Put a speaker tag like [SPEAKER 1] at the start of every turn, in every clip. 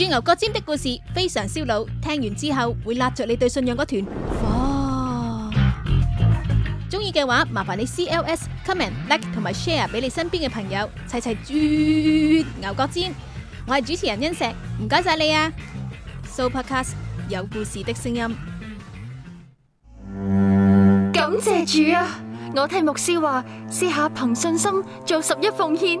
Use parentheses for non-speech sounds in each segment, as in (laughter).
[SPEAKER 1] 鑽牛角尖的故事非常燒腦，聽完之後會拉著你對信仰嗰團火。中意嘅話，麻煩你 CLS、Comment、Like 同埋 share 俾你身邊嘅朋友，齊齊鑽牛角尖。我係主持人恩石，唔該晒你啊！Sooopodcast 有故事的聲音，感謝主啊！我聽牧師話，試下
[SPEAKER 2] 憑信心做十一奉獻。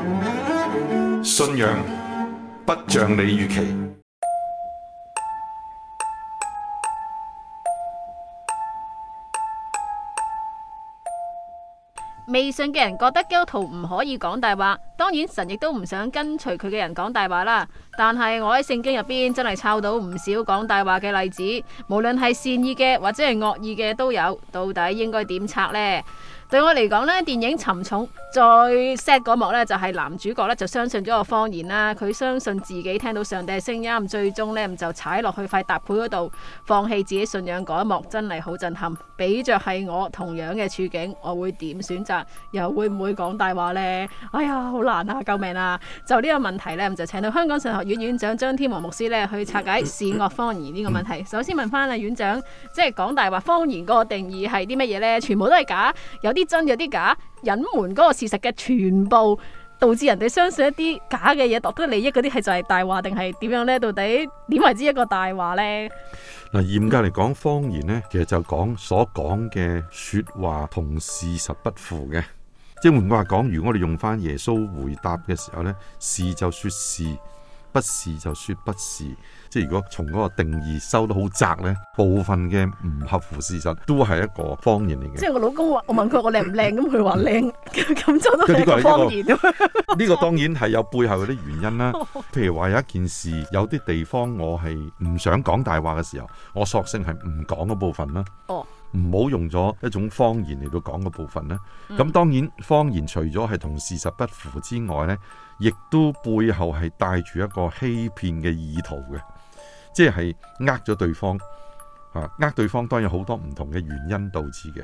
[SPEAKER 3] 信仰不像你預期。
[SPEAKER 1] 未信嘅人覺得基督徒唔可以講大話，當然神亦都唔想跟隨佢嘅人講大話啦。但係我喺聖經入邊真係抄到唔少講大話嘅例子，無論係善意嘅或者係惡意嘅都有。到底應該點拆呢？對我嚟講呢，電影沉重。再 set 嗰幕呢，就係、是、男主角呢，就相信咗個謊言啦。佢相信自己聽到上帝聲音，最終呢，就踩落去塊踏背嗰度，放棄自己信仰嗰一幕真係好震撼。畀着係我同樣嘅處境，我會點選擇？又會唔會講大話呢？哎呀，好難啊！救命啊！就呢個問題呢，就請到香港神學院院長張天和牧師呢，去拆解善惡謊言呢個問題。 (laughs) 首先問翻啊院長，即係講大話謊言嗰個定義係啲乜嘢呢？全部都係假，有啲真，有啲假。隱瞞嗰個事實嘅全部，導致人哋相信一啲假嘅嘢，獲得利益嗰啲係就係大話，定係點樣呢？到底點為之一個大話呢？
[SPEAKER 3] 嗱，嚴格嚟講，謊言呢其實就講所講嘅說話同事實不符嘅。即係換句話講，如果我哋用翻耶穌回答嘅時候呢，「是就說是。不是就說不是，即係如果從嗰個定義收得好窄呢，部分嘅唔合乎事實都係一個謊言嚟嘅。即係
[SPEAKER 1] 我老公話，我問佢我靚唔靚，咁佢話靚，咁 (laughs) 真都係謊言
[SPEAKER 3] 呢個， (laughs) 個當然係有背後嗰啲原因啦。譬如話有一件事，有啲地方我係唔想講大話嘅時候，我索性係唔講嗰部分啦。哦，唔好用咗一種謊言嚟到講嗰部分啦。咁當然，謊言除咗係同事實不符之外呢。亦都背後係帶住一個欺騙嘅意圖嘅，即係呃咗對方。吓，呃對方當然有好多唔同嘅原因導致嘅。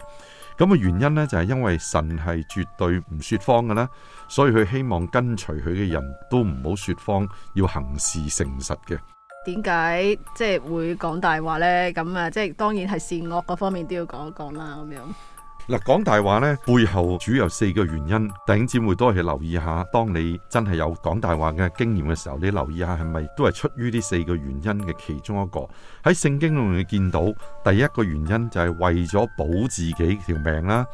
[SPEAKER 3] 咁個原因呢，就係因為神係絕對唔說謊嘅啦，所以佢希望跟隨佢嘅人都唔好說謊，要行事誠實嘅。
[SPEAKER 1] 點解即係會講大話呢？咁啊，即係當然係善惡嗰方面都要講一講啦，好唔
[SPEAKER 3] 嗱，講大話呢，背後主要有四個原因，頂姐妹都係留意一下。當你真係有講大話嘅經驗嘅時候，你留意一下係咪都係出於呢四個原因嘅其中一個。喺聖經裏面你見到第一個原因就係為咗保自己條命啦。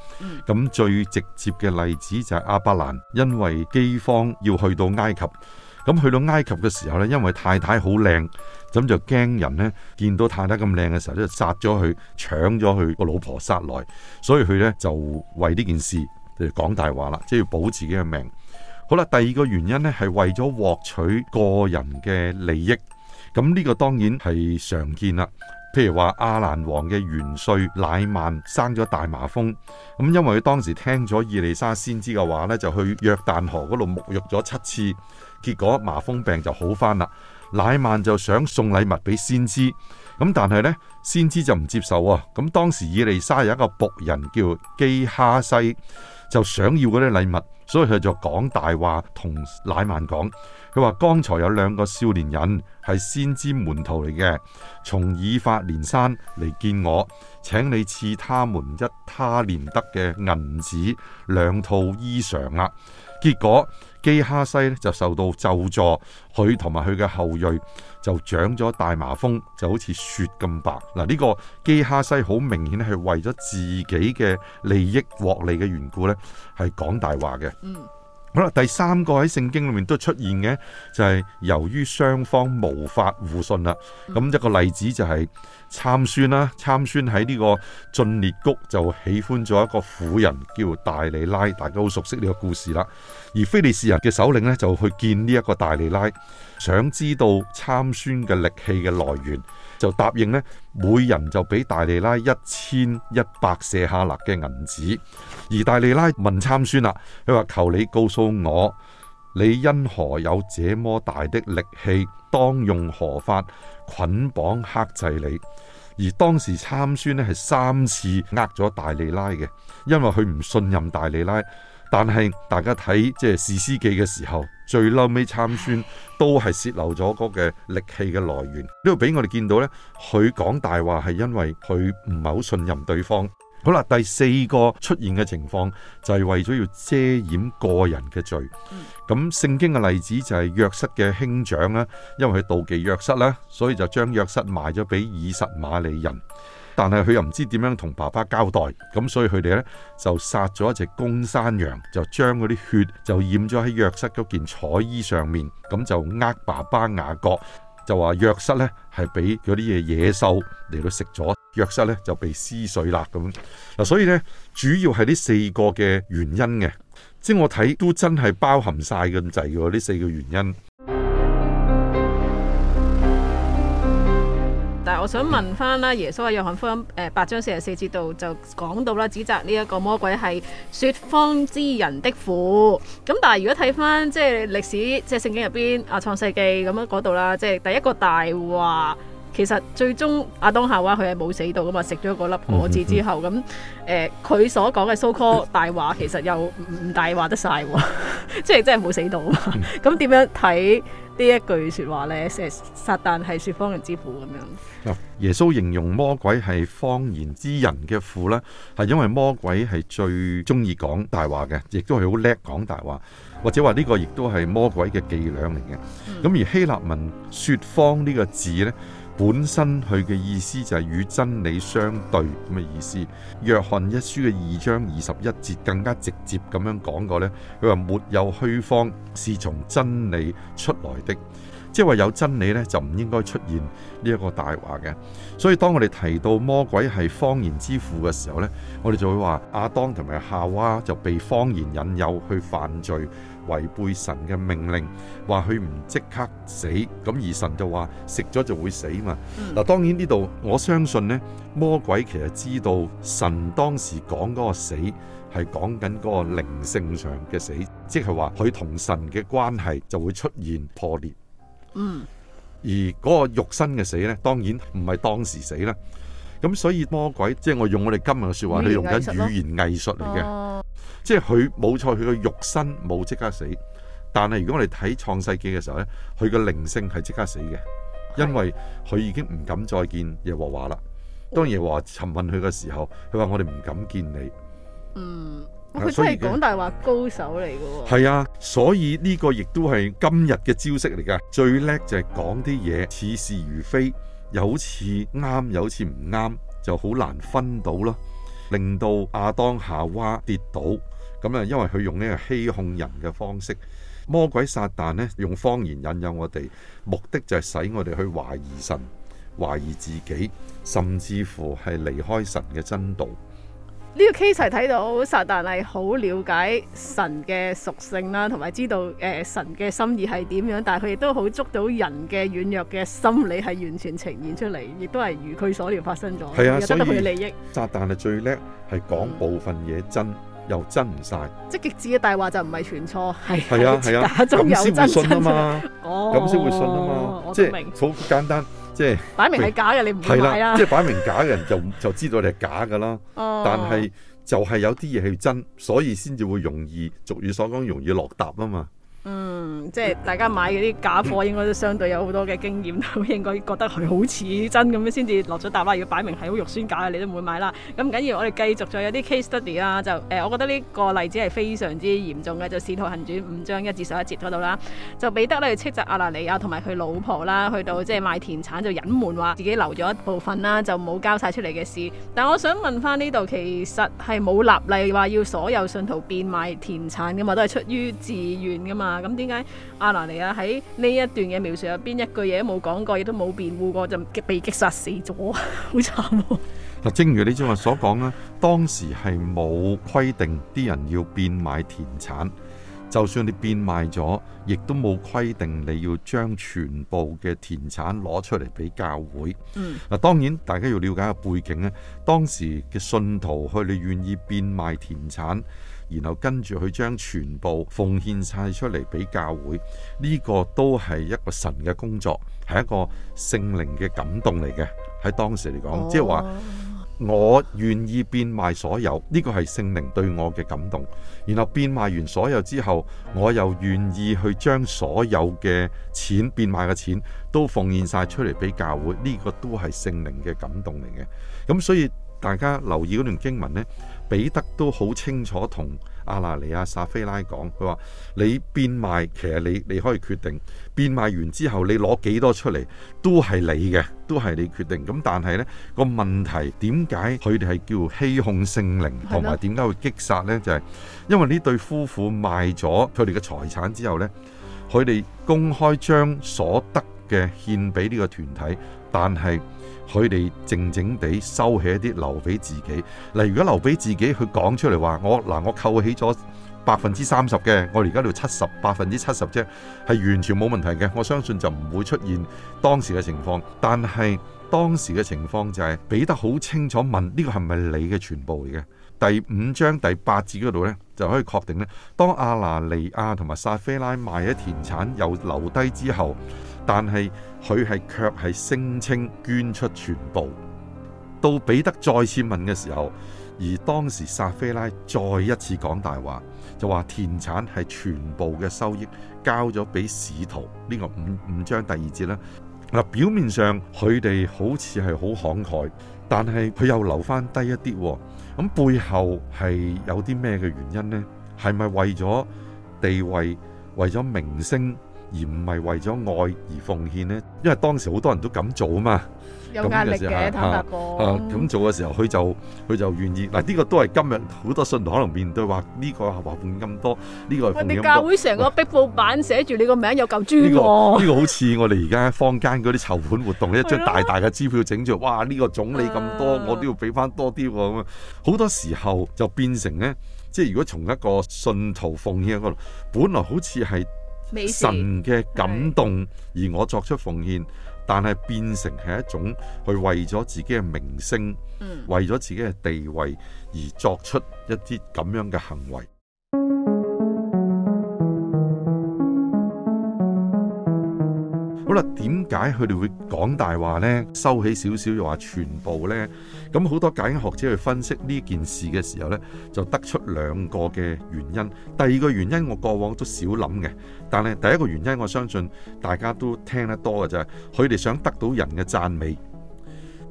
[SPEAKER 3] 咁最直接嘅例子就係亞伯蘭，因為饑荒要去到埃及。咁去到埃及嘅時候呢，因為太太好靚。咁就驚人呢，見到太太咁靚嘅時候咧，就殺咗佢，搶咗佢個老婆殺來，所以佢呢就為呢件事就講大話啦，即係要保自己嘅命。好啦，第二個原因呢係為咗獲取個人嘅利益，咁呢個當然係常見啦。譬如話亞蘭王嘅元帥乃曼生咗大麻風，咁因為佢當時聽咗以利沙先知嘅話呢，就去約旦河嗰度沐浴咗七次，結果麻風病就好翻啦。乃曼就想送禮物俾先知，咁但係呢，先知就唔接受啊。咁當時以利沙有一個僕人叫基哈西，就想要嗰啲禮物，所以佢就講大話同乃曼講，佢話剛才有兩個少年人係先知門徒嚟嘅，從以法蓮山嚟見我，請你賜他們一他連得嘅銀子，兩套衣裳啊！結果基哈西咧就受到咒詛，佢同埋佢嘅後裔就長咗大麻風，就好似雪咁白。嗱，呢個基哈西好明顯係為咗自己嘅利益獲利嘅緣故呢，係講大話嘅。嗯，好啦，第三個喺聖經裏面都出現嘅，就係、是、由於雙方無法互信啦。咁一個例子就係、是。參孫啦，參孫喺呢個進列谷就喜歡咗一個婦人叫大利拉，大家都熟悉呢個故事啦。而菲利士人嘅首領呢，就去見呢一個大利拉，想知道參孫嘅力氣嘅來源，就答應呢每人就俾大利拉一千一百舍下勒嘅銀子。而大利拉問參孫啦，佢話求你告訴我。你因何有這麼大的力氣，當用何法捆綁克制你？而當時參孫咧，係三次呃咗大利拉嘅，因為佢唔信任大利拉。但係大家睇即係士師記嘅時候，最嬲尾參孫都係泄漏咗嗰個力氣嘅來源，呢度俾我哋見到呢，佢講大話係因為佢唔係好信任對方。好啦，第四個出現嘅情況就係為咗要遮掩個人嘅罪。咁聖經嘅例子就係約瑟嘅兄長啦，因為佢妒忌約瑟啦，所以就將約瑟賣咗俾以實瑪利人。但係佢又唔知點樣同爸爸交代，咁所以佢哋呢，就殺咗一隻公山羊，就將嗰啲血就染咗喺約瑟嗰件彩衣上面，咁就呃爸爸雅各，就話約瑟呢係俾嗰啲嘢野獸嚟到食咗。約瑟咧就被撕碎啦咁嗱，所以咧主要係呢四個嘅原因嘅，即係我睇都真係包含晒咁滯嘅喎呢四個原因。
[SPEAKER 1] 但係我想問翻啦，耶穌喺約翰福音誒八章四十四節度就講到啦，指責呢一個魔鬼係說謊之人的父。咁但係如果睇翻即係歷史，即係聖經入邊啊創世紀咁樣嗰度啦，即係第一個大話。其實最終亞當夏娃佢係冇死到噶嘛，食咗嗰粒果子之後，咁誒佢所講嘅 so-called 大話其實又唔大話得晒喎，即係真係冇死到啊嘛。咁點樣睇呢一句説話咧？誒，撒旦係説謊人之父咁樣。
[SPEAKER 3] 耶穌形容魔鬼係謊言之人嘅父啦，係因為魔鬼係最中意講大話嘅，亦都係好叻講大話。或者話呢個亦都係魔鬼嘅伎倆嚟嘅。咁而希臘文説謊呢個字呢，本身佢嘅意思就係與真理相對咁嘅意思。約翰一書嘅二章二十一節更加直接咁樣講過呢，佢話沒有虛謊，是從真理出來的，即係話有真理呢，就唔應該出現呢一個大話嘅。所以當我哋提到魔鬼係謊言之父嘅時候呢，我哋就會話亞當同埋夏娃就被謊言引誘去犯罪。違背神嘅命令，話佢唔即刻死，咁而神就話食咗就會死嘛。嗱、嗯，當然呢度我相信呢，魔鬼其實知道神當時講嗰個死係講緊嗰個靈性上嘅死，即係話佢同神嘅關係就會出現破裂。
[SPEAKER 2] 嗯，
[SPEAKER 3] 而嗰個肉身嘅死呢，當然唔係當時死啦。咁所以魔鬼即係、就是、我用我哋今日嘅說話，佢用緊語言藝術嚟嘅。哦即係佢冇錯，佢個肉身冇即刻死，但係如果我哋睇創世記嘅時候呢，佢個靈性係即刻死嘅，因為佢已經唔敢再見耶和華啦。當耶和華詢問佢嘅時候，佢話我哋唔敢見你。嗯，
[SPEAKER 1] 佢、啊、真係講大話高手嚟嘅喎。係
[SPEAKER 3] 啊，所以呢、啊、個亦都係今日嘅招式嚟噶，最叻就係講啲嘢似是而非，又好似啱，又好似唔啱，就好難分到咯，令到亞當夏娃跌倒。咁啊，因為佢用呢個欺哄人嘅方式，魔鬼撒旦呢，用謊言引誘我哋，目的就係使我哋去懷疑神、懷疑自己，甚至乎係離開神嘅真道。
[SPEAKER 1] 呢個 case 睇到撒旦係好了解神嘅屬性啦，同埋知道誒神嘅心意係點樣，但係佢亦都好捉到人嘅軟弱嘅心理係完全呈現出嚟，亦都係如佢所料發生咗，係啊，得到佢嘅利益。
[SPEAKER 3] 撒旦係最叻，係講部分嘢真、嗯。嗯又真唔晒，
[SPEAKER 1] 即極致嘅大話就唔係全錯，
[SPEAKER 3] 係、係啊、假中有真啊嘛！哦，咁先會信啊嘛！哦、即係好簡單，即係擺明係
[SPEAKER 1] 假嘅，你唔係啦。即係擺
[SPEAKER 3] 明假嘅人就 (laughs) 就知道你係假噶啦、哦。但係就係有啲嘢係真，所以先至會容易俗語所講容易落搭啊嘛。
[SPEAKER 1] 嗯，即係大家買嗰啲假貨，應該都相對有好多嘅經驗，都應該覺得佢好似真咁樣，先至落咗大把。如果擺明係好肉酸假嘅，你都唔會買啦。咁唔緊要，我哋繼續再有啲 case study 啦。就、呃、誒，我覺得呢個例子係非常之嚴重嘅。就使徒行傳五章一至十一節嗰度啦，就彼得咧斥責亞拿尼亞同埋佢老婆啦，去到即係賣田產就隱瞞話自己留咗一部分啦，就冇交晒出嚟嘅事。但我想問翻呢度，其實係冇立例話要所有信徒變賣田產噶嘛，都係出於自願噶嘛。啊，咁點解亞拿尼亞喺呢一段嘅描述入邊一句嘢，都冇講過，亦都冇辯護過，就被擊殺死咗，好慘！
[SPEAKER 3] 嗱，正如你正話所講啦，當時係冇規定啲人要變賣田產，就算你變賣咗，亦都冇規定你要將全部嘅田產攞出嚟俾教會。嗯，嗱，當然大家要了解個背景咧，當時嘅信徒去你願意變賣田產。然後跟住佢將全部奉獻晒出嚟俾教會，呢個都係一個神嘅工作，係一個聖靈嘅感動嚟嘅。喺當時嚟講，即係話我願意變賣所有，呢個係聖靈對我嘅感動。然後變賣完所有之後，我又願意去將所有嘅錢變賣嘅錢都奉獻晒出嚟俾教會，呢個都係聖靈嘅感動嚟嘅。咁所以大家留意嗰段經文呢。彼得都好清楚同阿拿尼亞撒菲拉講，佢話：「你變賣，其實你你可以決定變賣完之後，你攞幾多出嚟都係你嘅，都係你，都係你決定。咁但係呢、呢個問題，點解佢哋係叫欺哄聖靈，同埋點解會擊殺呢？就係、是、因為呢對夫婦賣咗佢哋嘅財產之後呢，佢哋公開將所得嘅獻俾呢個團體。但係佢哋靜靜地收起一啲留俾自己。嗱，如果留俾自己去講出嚟話，我嗱我扣起咗百分之三十嘅，我要 70%, 70而家到七十，百分之七十啫，係完全冇問題嘅。我相信就唔會出現當時嘅情況。但係當時嘅情況就係、是、俾得好清楚問呢、呢個係咪你嘅全部嚟嘅？第五章第八節嗰度呢，就可以確定咧。當亞拿尼亞同埋撒菲拉賣咗田產又留低之後。但係佢係卻係聲稱捐出全部。到彼得再次問嘅時候，而當時撒菲拉再一次講大話，就話田產係全部嘅收益交咗俾使徒。呢個五五章第二節啦，嗱，表面上佢哋好似係好慷慨，但係佢又留翻低一啲。咁背後係有啲咩嘅原因呢？係咪為咗地位，為咗名聲？而唔係為咗愛而奉獻呢？因為當時好多人都咁做啊嘛。
[SPEAKER 2] 有壓力嘅，坦白講。
[SPEAKER 3] 咁做嘅時候，佢、啊啊啊、就佢就願意嗱，呢、啊呢個都係今日好多信徒可能面對話呢、呢個話奉咁多呢、呢個啊個,哦啊呢個。我哋教會
[SPEAKER 1] 成個壁報板寫住你個名有嚿磚喎。呢個
[SPEAKER 3] 好似我哋而家坊間嗰啲籌款活動， (laughs) 一張大大嘅支票整住，哇！呢、呢個總理咁多、啊，我都要俾翻多啲咁好多時候就變成咧，即係如果從一個信徒奉獻一個，本來好似係。神嘅感動，而我作出奉獻，但係變成係一種去為咗自己嘅名聲，為咗自己嘅地位而作出一啲咁樣嘅行為。好喇，點解佢哋會講大話呢？收起少少又話全部呢？咁好多解經學者去分析呢件事嘅時候呢，就得出兩個嘅原因。第二個原因我過往都少諗嘅，但係第一個原因我相信大家都聽得多嘅就係佢哋想得到人嘅讚美，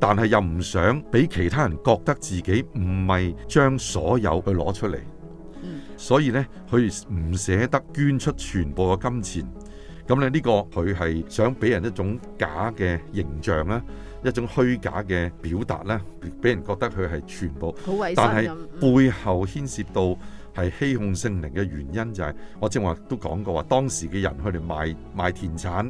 [SPEAKER 3] 但係又唔想俾其他人覺得自己唔係將所有去攞出嚟，所以呢，佢唔捨得捐出全部嘅金錢。咁咧，呢個佢係想俾人一種假嘅形象呢，一種虛假嘅表達呢，俾人覺得佢係全部，但係背後牽涉到係欺哄聖靈嘅原因就係，我正話都講過話，當時嘅人佢哋賣賣田產，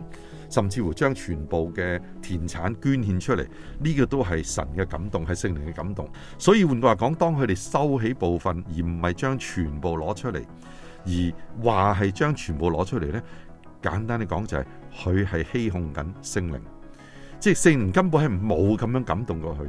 [SPEAKER 3] 甚至乎將全部嘅田產捐獻出嚟，呢個都係神嘅感動，係聖靈嘅感動。所以換句話講，當佢哋收起部分而唔係將全部攞出嚟，而話係將全部攞出嚟呢。簡單地講就係佢係欺哄緊聖靈，即係聖靈根本係冇咁樣感動過佢，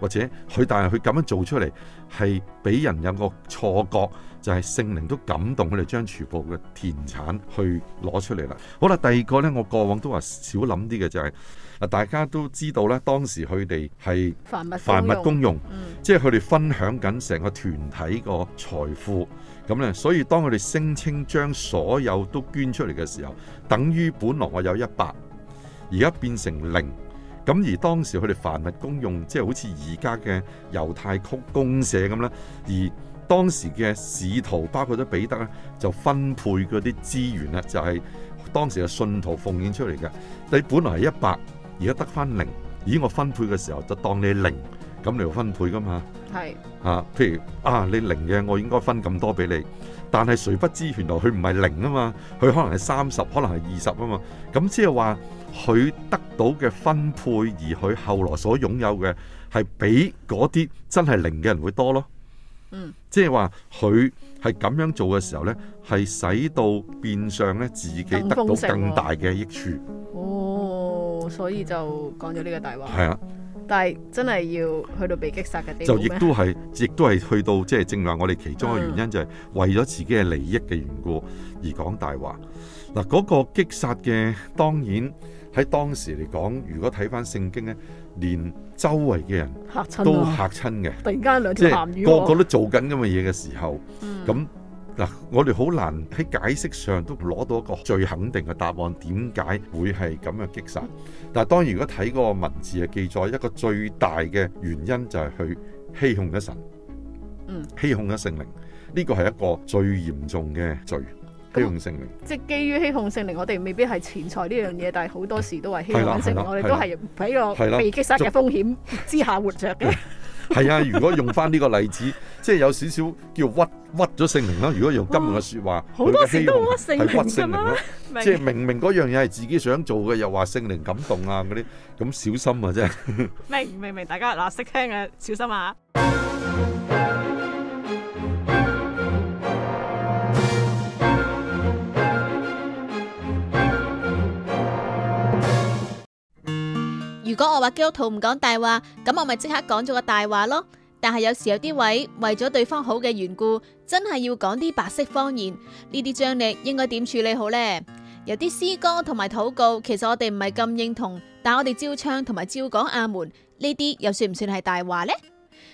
[SPEAKER 3] 或者佢但係佢咁樣做出嚟係俾人有個錯覺，就係聖靈都感動佢哋將全部嘅田產去攞出嚟啦。好啦，第二個呢，我過往都話少諗啲嘅就係啊，大家都知道呢，當時佢哋係凡物公用，即係佢哋分享緊成個團體個財富。咁咧，所以當佢哋聲稱將所有都捐出嚟嘅時候，等於本來我有一百，而家變成零。咁而當時佢哋凡物公用，即係好似而家嘅猶太曲公社咁啦。而當時嘅、就是、使徒，包括咗彼得咧，就分配嗰啲資源啦，就係、是、當時嘅信徒奉獻出嚟嘅。你本來係一百，而家得翻零，而我分配嘅時候，就當你零。咁嚟分配噶嘛？係啊，譬如啊，你零嘅，我應該分咁多俾你，但係誰不知原來佢唔係零啊嘛，佢可能係三十，可能係二十啊嘛。咁即係話佢得到嘅分配，而佢後來所擁有嘅係比嗰啲真係零嘅人會多咯。嗯，即係話佢係咁樣做嘅時候呢，係使到變相呢，自己得到更大嘅益處啊。哦，
[SPEAKER 1] 所以就講咗呢個大話。係啊。但係真係要去到被擊殺嘅地方，就亦都係，
[SPEAKER 3] 亦都係去到，即係正話我哋其中一個原因就係為咗自己嘅利益嘅緣故而講大話。嗱，嗰個擊殺嘅，當然喺當時嚟講，如果睇翻聖經咧，連周圍嘅人
[SPEAKER 1] 吓親都吓親嘅。突然間兩條鹹魚，個個都
[SPEAKER 3] 做緊咁嘅嘢嘅時候，咁、嗯。那嗱、啊，我哋好難喺解釋上都攞到一個最肯定嘅答案，點解會係咁樣擊殺？但係當然，如果睇嗰個文字嘅記載，一個最大嘅原因就係去欺哄咗神，嗯，欺哄咗聖靈，呢個係一個最嚴重嘅罪，欺哄聖靈。
[SPEAKER 1] 即係基於欺哄聖靈，我哋未必係錢財呢樣嘢，但係好多時都係欺哄聖靈，我哋都係喺個被擊殺嘅風險之下活着嘅。
[SPEAKER 3] 係啊！如果用翻呢個例子，即係有少少叫屈屈咗聖靈啦。如果用今日嘅說話，好多次都好多人都屈聖靈，係屈聖靈，即係明明嗰樣嘢係自己想做嘅，又話聖靈感動啊嗰啲，咁小心啊，真
[SPEAKER 1] 明明明，大家嗱識聽啊，小心啊！如果我話基督徒唔講大話，咁我咪即刻講咗個大話咯。但係有時有啲位為咗對方好嘅緣故，真係要講啲白色謊言，呢啲張力應該點處理好呢？有啲詩歌同埋禱告，其實我哋唔係咁認同，但我哋照唱同埋照講阿門，呢啲又算唔算係大話呢？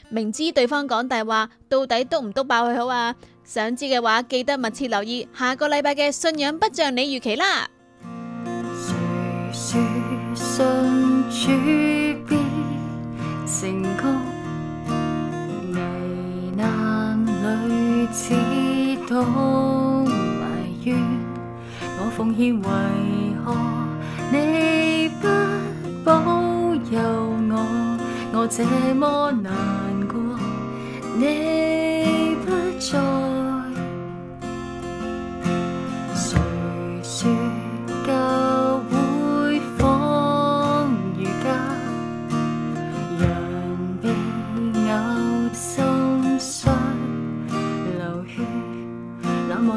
[SPEAKER 1] 明知對方講大話，到底督唔督爆佢好啊？想知嘅話，記得密切留意下個禮拜嘅《信仰不像你預期》啦。
[SPEAKER 2] 處變成功，危難裏只懂埋怨。我奉獻為何你不保佑我？我這麼難過，你。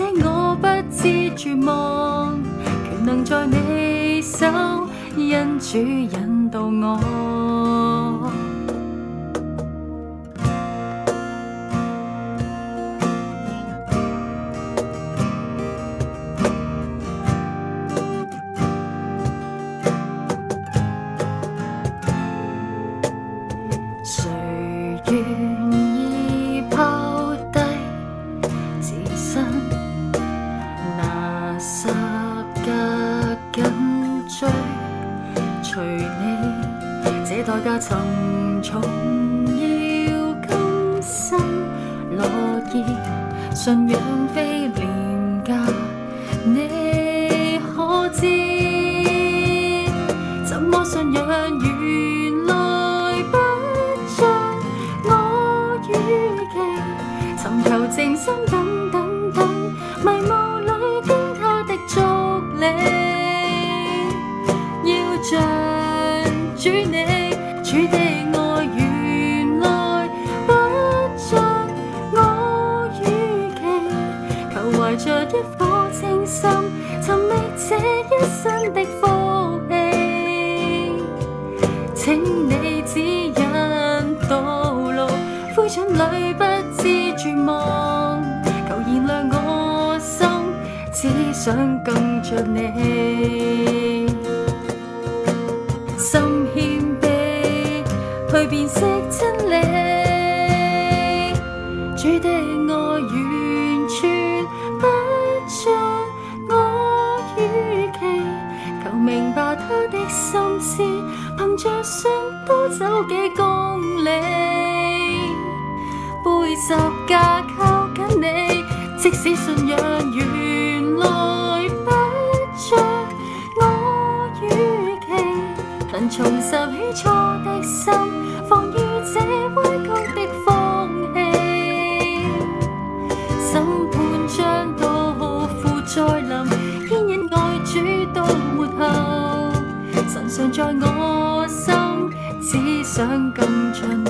[SPEAKER 2] 且我不知絕望，全能在你手，因主引導我。主你，主的愛原來不像我預期，求懷着一顆清心，尋覓這一生的福氣，請你指引道路，灰燼裏不知絕望，求燃亮我心，只想跟着你。變色。常在我心，只想更近。